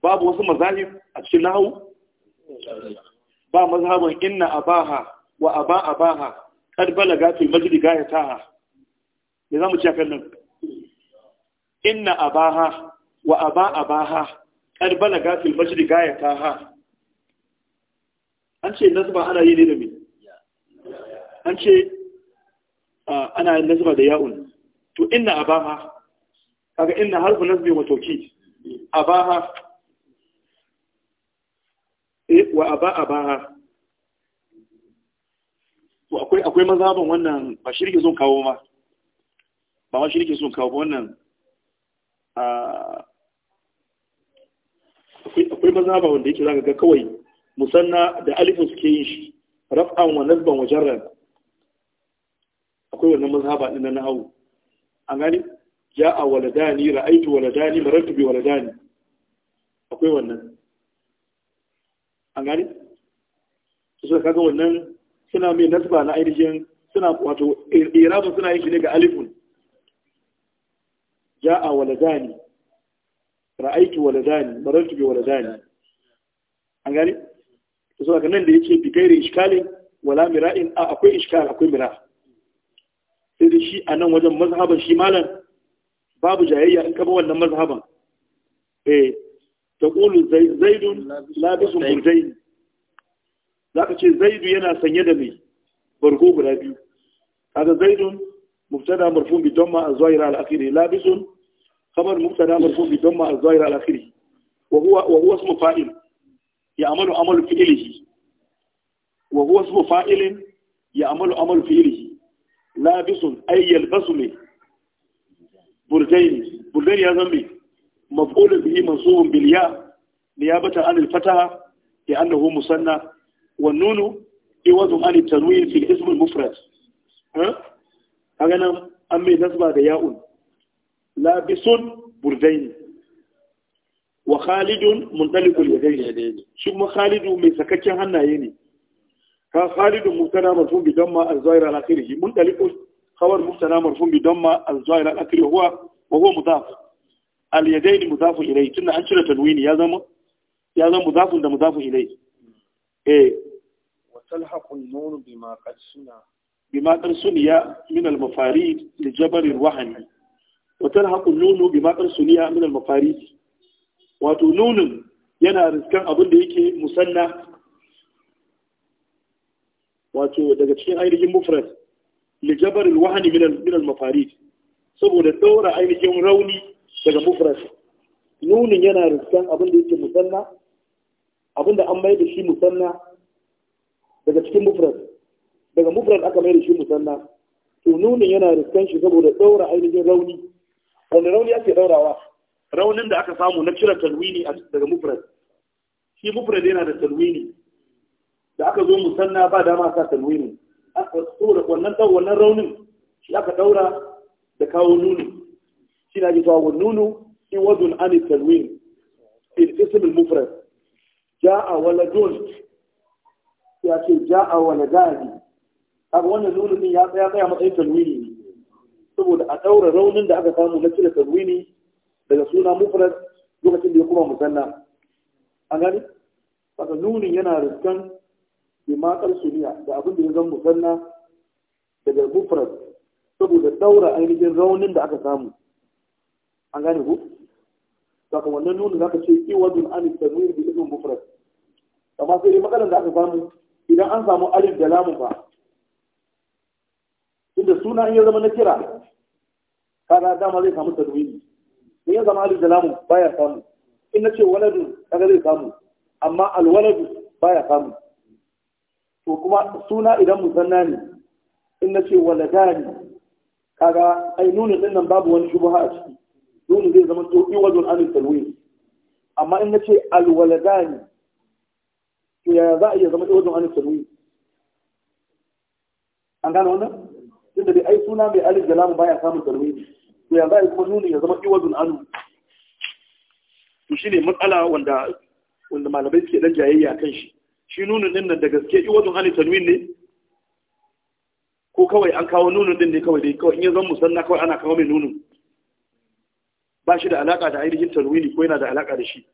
babu wasu mazahib a cikin nahu ba mazhaban inna abaha wa aba ha kad balaga fil majdi gayataha za zamu ci akan nan inna ha wa aba ha kad balaga fil majdi ha an ce nasba ana yi ne da me an ce ana yi nasba da ya'un to inna ha kaga inna harfu nasbi wa tawkid ha eh, wa aba ha to akwai akwai mazhaban wannan ba shi rike son kawo ba, ba ma shi rike son kawo wannan akwai mazhaba wanda yake zaka ga kawai musanna da alifu suke yin shi raf'an wa nasban wa jarran akwai wannan mazhaba din na hawo an gani ja'a waladani ra'aytu waladani marartu bi waladani akwai wannan an gani su suka kaga wannan suna mai nasba na ainihin suna wato irabun suna yin shi ne ga alifun Ja a waladani ra'aitu waladani marartu bi waladani an gani to saboda nan da ce bi gairi iskalin wala mira'in a akwai iskal akwai mira sai da shi a nan wajen mazhaban shi malam babu jayayya in kaba wannan mazhaban eh kulu, zaidun labisun burjain za ka ce zaidu yana sanye da mai bargo guda biyu kaga zaidun mubtada marfun bi damma az-zahira al-akhir labisun kamar mubtada marfun bi damma az-zahira al-akhir wa huwa wa huwa ismu fa'il ya'malu amalu fi'lihi wa huwa ismu fa'ilin ya amalu amalu fi'lihi labisun ay yalbasu li burdayn burdayn ya zambi maf'ul bihi mansubun bil ya niyabatan an al-fataha li annahu musanna والنون يوضع عن التنوين في الاسم المفرد ها أنا أمي نسبة ياء لابس بردين وخالد منطلق اليدين شو ما خالد من سكتشن هنا يني كخالد مبتدا مرفوع بضمة الظاهرة على آخره منطلق خبر مبتدا مرفوع بضمة الظاهرة على آخره هو وهو مضاف اليدين مضاف إليه تنا أنشر تنوين يا زلمة ya zan mudafin da mudafin ilai eh وتلحق النون بما قد سنى بما قد سني من المفاريد لجبر الوهن وتلحق النون بما قد من المفاريد wato nunin yana riskan abin da yake musanna wato daga cikin ainihin mufrad min al-mafarid saboda daura ainihin rauni daga mufrad nunin yana riskan abin da yake musanna abin da an mai da shi musanna daga cikin mufrad daga mufrad aka mai da shi musanna to nunin yana riskan shi saboda daura ainihin rauni wanda rauni ake daurawa raunin da aka samu na cire talwini daga mufrad shi mufrad yana da talwini da aka zo musanna ba dama sa talwini aka saboda wannan dan wannan raunin shi aka daura da kawo nunu shi na ji wa nunu in wadun ani talwini. in ism mufrad jaa waladun ya ce ja'a wa gadi kaga wannan zurufin ya tsaya tsaya matsayin tanwini ne saboda a ɗaura raunin da aka samu na cire tanwini daga suna mufrad lokacin da ya kuma musanna a gani saka nunin yana riskan bimakar suniya da abin da ya zama musanna daga mufrad saboda ɗaura ainihin raunin da aka samu an gane ku saka wannan nunin zaka ce iwadun an tanwini bi ismin mufrad amma sai dai matsalar da aka samu idan an samu alif da Lamu ba inda suna in ya zama na kira kaga dama zai samu tadwini in ya zama alif da lamu baya samu in na ce waladu kaga zai samu amma alwaladu baya samu to kuma suna idan musanna ne in na ce waladani kaga ai nuni din nan babu wani shubha a ciki nuni zai zama to iwadun alif talwin amma in na ce alwaladani to yaya za a iya zama iwajin alif tanwini an gano wannan Inda bai ai suna mai alif da lamu baya samun tanwini to ya za a yi kuma nuni ya zama iwajin anu to ne matsala wanda wanda malamai suke dan jayayya kan shi shi nunin din nan da gaske iwajin alif tanwin ne ko kawai an kawo nunin din ne kawai dai kawai in ya zama musanna kawai ana kawo mai nunin ba shi da alaka da ainihin tanwini ko yana da alaka da shi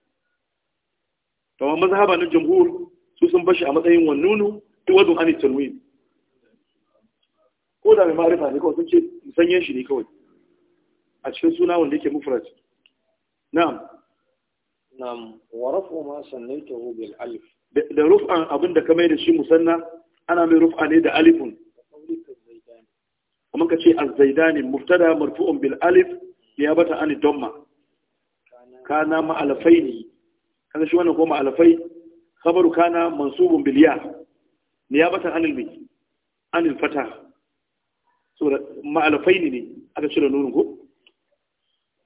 to amma na jamhur su sun bashi a matsayin wannunu iwadun ani tanwin ko da mai ma'arifa ne kawai sun ce musanyen shi ne kawai a cikin suna wanda yake mufrat na'am na'am wa rafu ma sannaitahu bil alif da ruf'an abin da kamar da shi musanna ana mai ruf'a ne da alifun kuma ka ce a zaidani mubtada marfu'un bil alif ya niyabata Ka na kana ne Kana shi wannan ko ma'alafai khabaru kana mansubun bil ya niyabatan anil bi anil fata saboda ma'alafaini ne aka cire nurin ko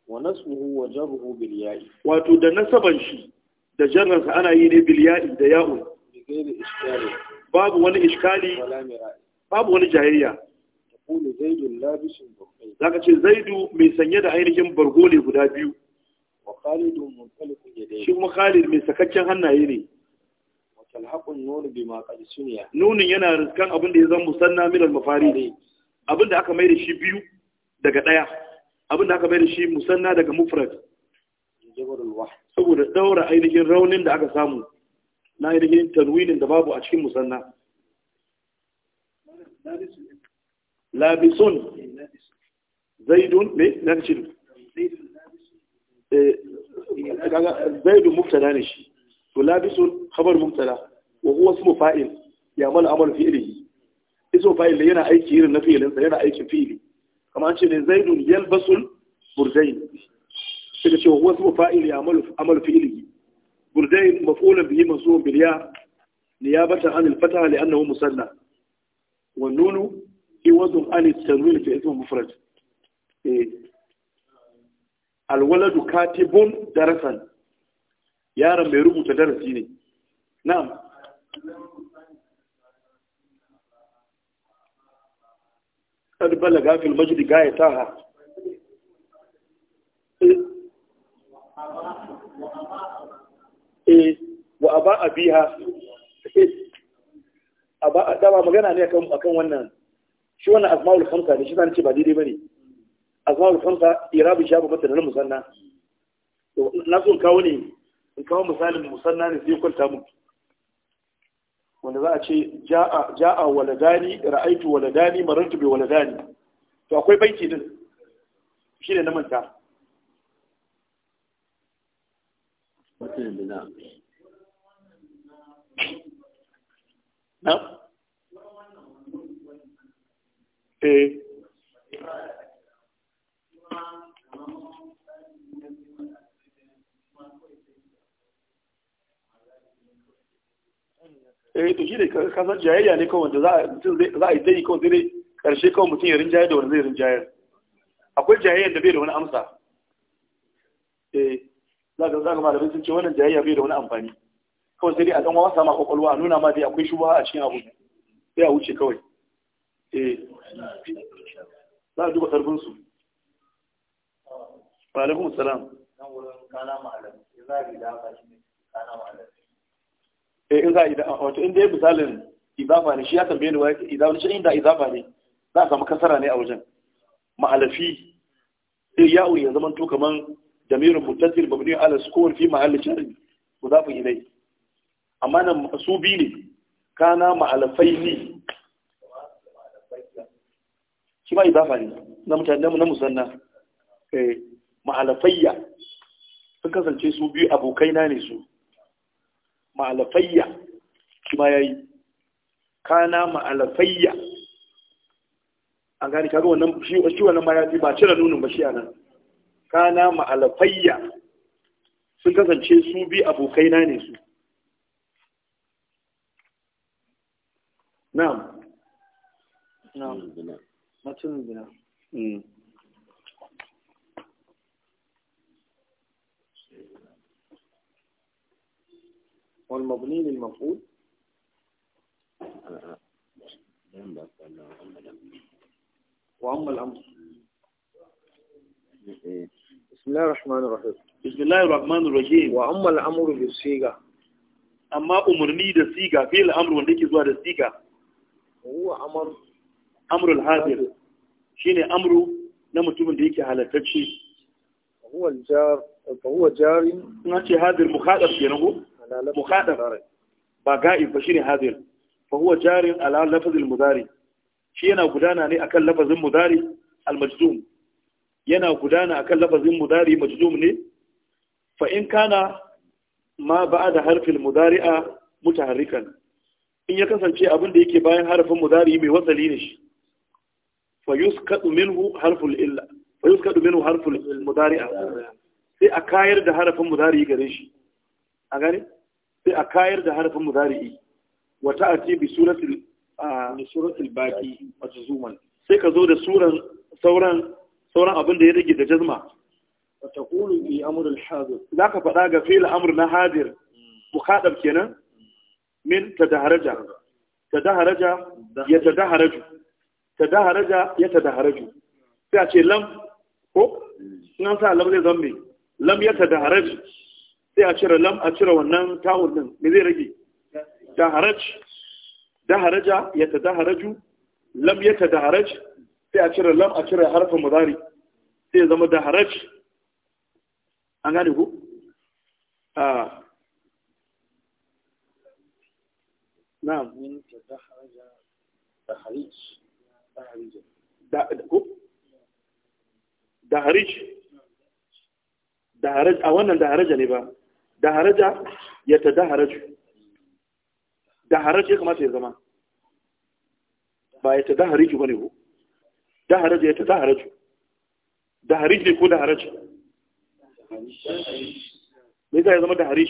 wa nasbuhu wa jarruhu bil ya'i wato da nasaban shi da jarransa ana yi ne bil ya'i da ya'un babu wani iskali babu wani jayayya taqulu zaidun ce zaidu mai sanye da ainihin bargole guda biyu wa khalidun khalid mai sakakken hannaye ne talhaqun nunu bima qad sunya nunun yana riskan abin da ya zama musanna min al mafarid abin da aka maida shi biyu daga daya abin da aka maida shi musanna daga mufrad saboda daura ainihin raunin da aka samu na ainihin tanwinin da babu a cikin musanna labisun zaidun ne na cikin eh, zaidun muftada ne shi to labisun khabar mubtada wa huwa ismu fa'il ya mal amal fi'lihi ismu fa'il yana aiki irin na fi'ilin sa yana aikin fi'ili kamar ce ne zaidun yalbasul burdain sai ce wa huwa ismu fa'il ya mal amal fi'lihi burdain maf'ulun bihi mansubun bil ya niyabatan an al-fataha li'annahu musanna eh. katibun darasan yaron mai rubuta darasi ne na'am kad balaga fil majdi gayataha eh wa aba abiha aba dama magana ne akan akan wannan shi wannan asmaul khamsa ne shi zan ce ba daidai bane asmaul khamsa irabi shabu mata na musanna to na so kawo ne in kawo misalin musanna ne zai kwanta mu wanda za a ce ja'a waladani ra'aitu waladani marartu bi waladani to akwai banki din shi ne na manta na eh eh to shi ne ka jayayya ne kawai wanda za a yi dai kawai dai karshe kawai mutum ya rinjaye da wani zai rinjayar akwai jayayyar da bai da wani amsa eh za ka za ka malamin sun ce wannan jayayya bai da wani amfani kawai sai dai a dan wasa ma kwakwalwa a nuna ma dai akwai shubha a cikin abu sai a wuce kawai eh za a duba karfin wa alaikum salam nan wurin kana malam ya za da ka shi kana malam eh in za a wato in dai misalin izafa ne shi ya tambaye ni wani izafa shi inda izafa ne za a samu kasara ne a wajen ma'alafi sai eh, ya ya zama to kaman damirin mutasil babni ala sukun fi mahalli shari yi ilai amma nan su bi ne kana ma'alafai ne shi ma izafa ne na mutane na musanna eh ma'alafayya sun kasance su biyu abokaina ne su ma'alafayya shi ma ya yi kana ma'alafayya an gani kaga wannan shi wannan ma ya fi ba cire nunin ba shi nan kana ma'alafayya sun kasance su bi abokai na ne su na'am na'am matun bina والمبني للمفعول وأما الأمر بسم الله الرحمن الرحيم بسم الله الرحمن الرحيم وأما الأمر بالسيقة أما أمرني للسيقة في الأمر وندك زوار السيقة هو أمر أمر الحاضر شيني أمر لم تكن ديك على تبشي هو الجار هو جار نحن هذا المخالف ينهو mukhadaf ba ga'ib ba shine hadir fa huwa jarin ala lafzil shi yana gudana ne akan lafazin mudari al-majzum yana gudana akan lafazin mudari majzum ne fa in kana ma ba'da harfil mudari'a mutaharrikan in ya kasance abin da yake bayan harfin mudari mai wasali ne shi fa yuskadu minhu harful illa fa yuskadu minhu sai a kayar da harfin mudari gare shi a gane sai a kayar da harfin muzari'i wa ta'ati bi suratul bi a baqi majzuman sai ka zo da suran sauran sauran abin da ya rage da jazma wa taqulu bi amr al hadir zaka faɗa ga fi'il amr na hadir mm. mukhadab kenan mm. min tadaharaja tadaharaja ya tadaharaju tadaharaja ya tadaharaju sai a ce lam ko sunan mm. sa lam zai zambe lam ya tadaharaju sai a cire lam a cire wannan tawul din me zai rage daharaj daharaja ya ta daharaju lam ya ta daharaj sai a cire lam a cire harfin mudari sai zama daharaj an gane ku a na'am min ta daharaja daharij daharij da ku daharaj a wannan daharaja ne ba da haraja ya ta da haraju da ya kamata ya zama ba ya ta da haraju ba ne ko da haraja ya ta da haraju da ne ko da haraj me yasa ya zama da haraj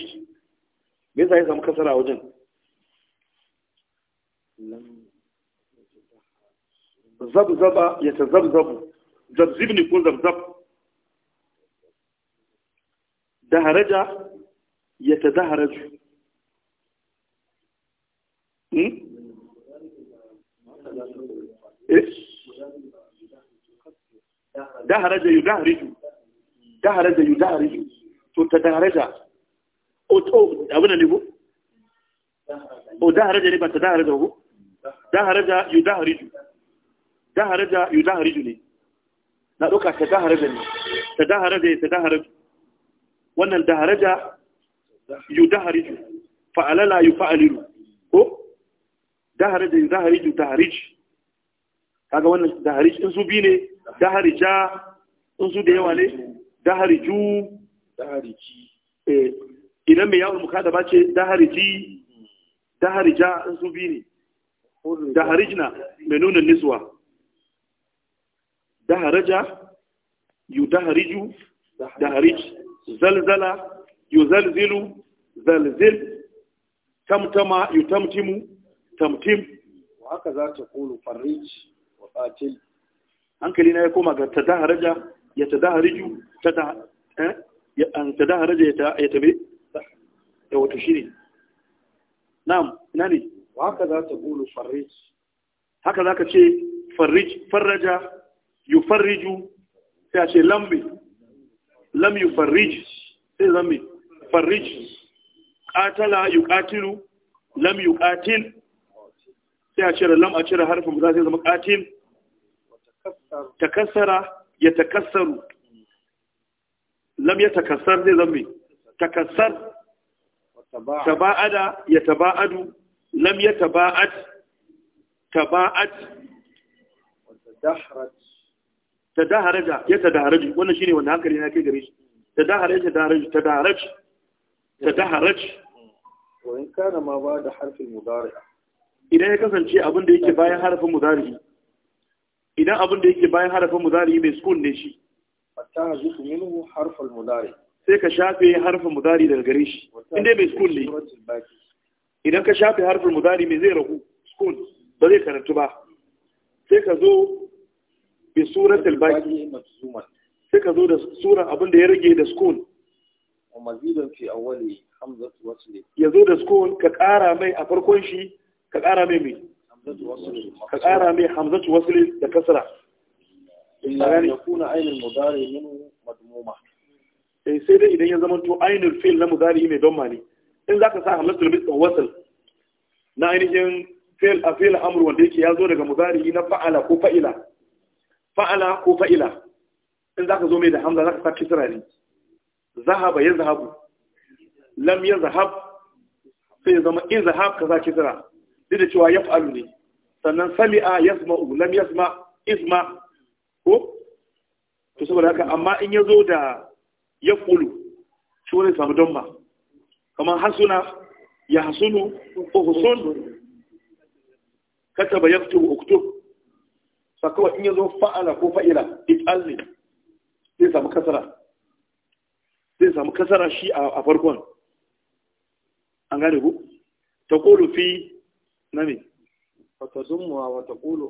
me yasa ya zama kasara wajen zabzaba ya ta zabzabu zabzib ne ko zabzab da haraja يتدهرج دهرج يدهرج دهرج يدهرج تتدهرج أو أو دهرج يبقى تدهرج أو دهرج يدهرج دهرج يدهرج لي نروك تدهرج تدهرج تدهرج وأن الدهرج fa'ala la yufa'alilu ko daharija yudahariju daharij kaga wannan daharij in su bi ne daharija in su da yawa ne dahariju dahariji eh idan mai yawon mukada ba ce dahariji daharija in su bi ne daharijna mai nuna niswa daharaja yudahariju daharij zalzala yuzalzilu zalzil tamtama yutamtimu tamtim wa haka za ta kulu farij wa qatil hankali na ya koma ga tadaharaja ya tadahariju tada eh an tadaharaja ya ya tabe ya wato shine na'am ina ne wa haka za ta kulu farij haka za ka ce farij farraja yufarriju sai a ce lambi lam yufarrij sai zambi farrij qatala yuqatilu lam yuqatil sai a cire lam a cire harfin ba sai zama qatil takassara ya takassaru lam ya takassar zai zama takassar taba'ada ya taba'adu lam ya taba'at taba'at tadaharaja ya tadaharaju wannan shine wanda hankali na kai gare shi tadaharaja tadaharaja ta daharaj wa in ba da idan ya kasance abin da yake bayan harfin mudari idan abin da yake bayan harfin mudari mai sukun ne shi sai ka shafe harfin mudari daga gare shi inda mai sukun ne idan ka shafe harfin mudari mai zai ragu sukun ba zai karantu ba sai ka zo bi suratul baqi sai ka zo da sura abin da ya rage da sukun ka kara أول a farkon shi ka kara مي أفركون شي كقارا مي مي كقارا مي حمزة وصل لكسرة إلا أن يكون عين المضارع منه مضمومة sai sai dai idan ya zama to ainihin fil na muzari mai don mani in za ka sa hamlatul bisan wasal na ainihin fil a fil amur wanda yake ya zo daga muzari na fa'ala ko fa'ila fa'ala ko fa'ila in za ka zo mai da hamza za ka sa kisra ne zahaba ya zahabu lam ya zahab sai ya zama in zahab ka za kisra duk da cewa ya fa'alu ne sannan sami'a yasma'u lam yasma isma ko to saboda haka amma in ya zo da ya fulu shi wani samu don ma kamar hasuna ya hasunu ko husun ba ya fito uktub sakawa in ya zo fa'ala ko fa'ila it ne, sai samu kasara zai samu kasara shi a farkon an gane ku ta kulu fi na me wata zumuwa wata kulu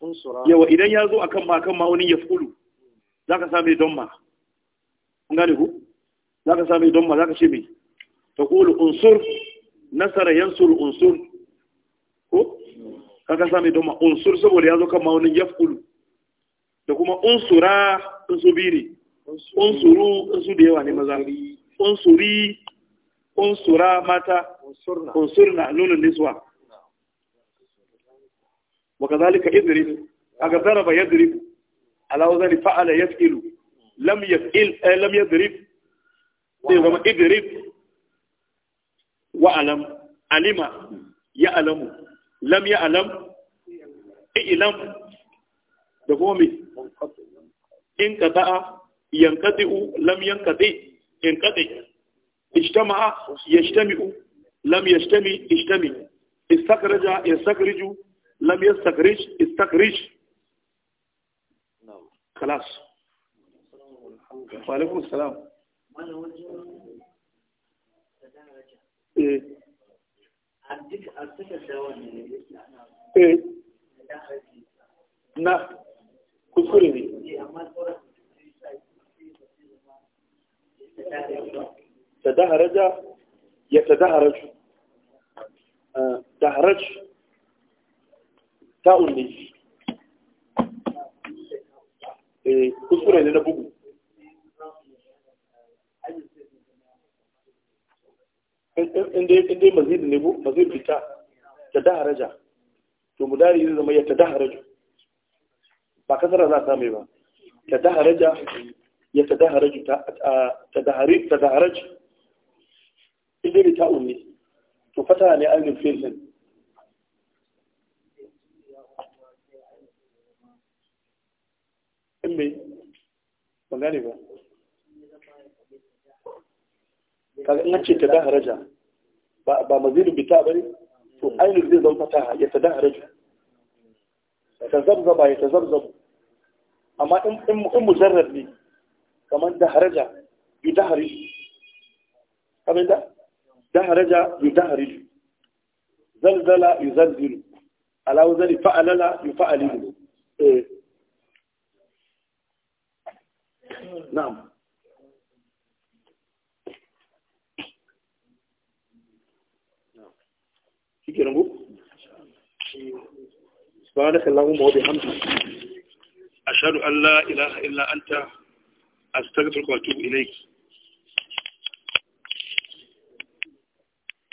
unsura yawa idan ya zo a kan ma kan ya kulu za ka sami don ma an gane ku za ka sami don ma za ka ce mai ta kulu unsur nasara yansur unsur ko Ka ka sami don ma unsur saboda ya zo kan ma ya kulu da kuma unsura in su unsuru su da yawa ne maza unsuri unsura mata unsurna nunin niswa wa kazalika idris aga daraba yadrib ala wazani fa'ala yaf'ilu lam yaf'il eh, lam yadrib sai kuma idrib wa alam alima ya alamu lam ya alam ilam da kuma me in qata'a yanqati'u lam yanqati inqati ijtama'a yajtami'u lam yajtami ijtami istakhraja yastakhriju lam yastakhrij istakhrij خلاص وعليكم السلام eh تهرج تهرج آه، تأوني آه، كسورة لنا يعني بقو عندي عندي مزيد نبو مزيد بيتا تدهرجا تو مداري إذا ما يتدهرج بكثرة ذا ثامبا تدهرجا يتدهرج آه، تدهريب تدهرج. in dai ta unni to fata ne ainihin filin in mai ban ba kaga in ce ta da haraja ba mazidu bita ba ne? to ainihin zai zama fataha ya ta da haraja ta zabzaba ya ta zabzaba amma in mujarrad ne kamar da haraja yi da hari kamar da daharaja yudahariju zalzala yuzalzilu ala wazali fa'alala yufa'alilu eh na'am shike nan ko subhanaka allahumma wa bihamdika ashhadu an la ilaha illa anta astaghfiruka wa atubu ilayk